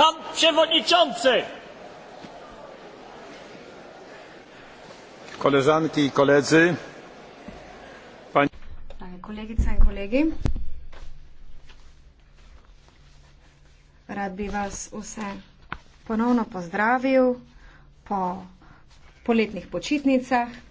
Pan przewodniczący! Koleżanki i koledzy, pani... Kolegice i kolegi, rad bi vas vse ponovno pozdravil po poletnih počitnicah.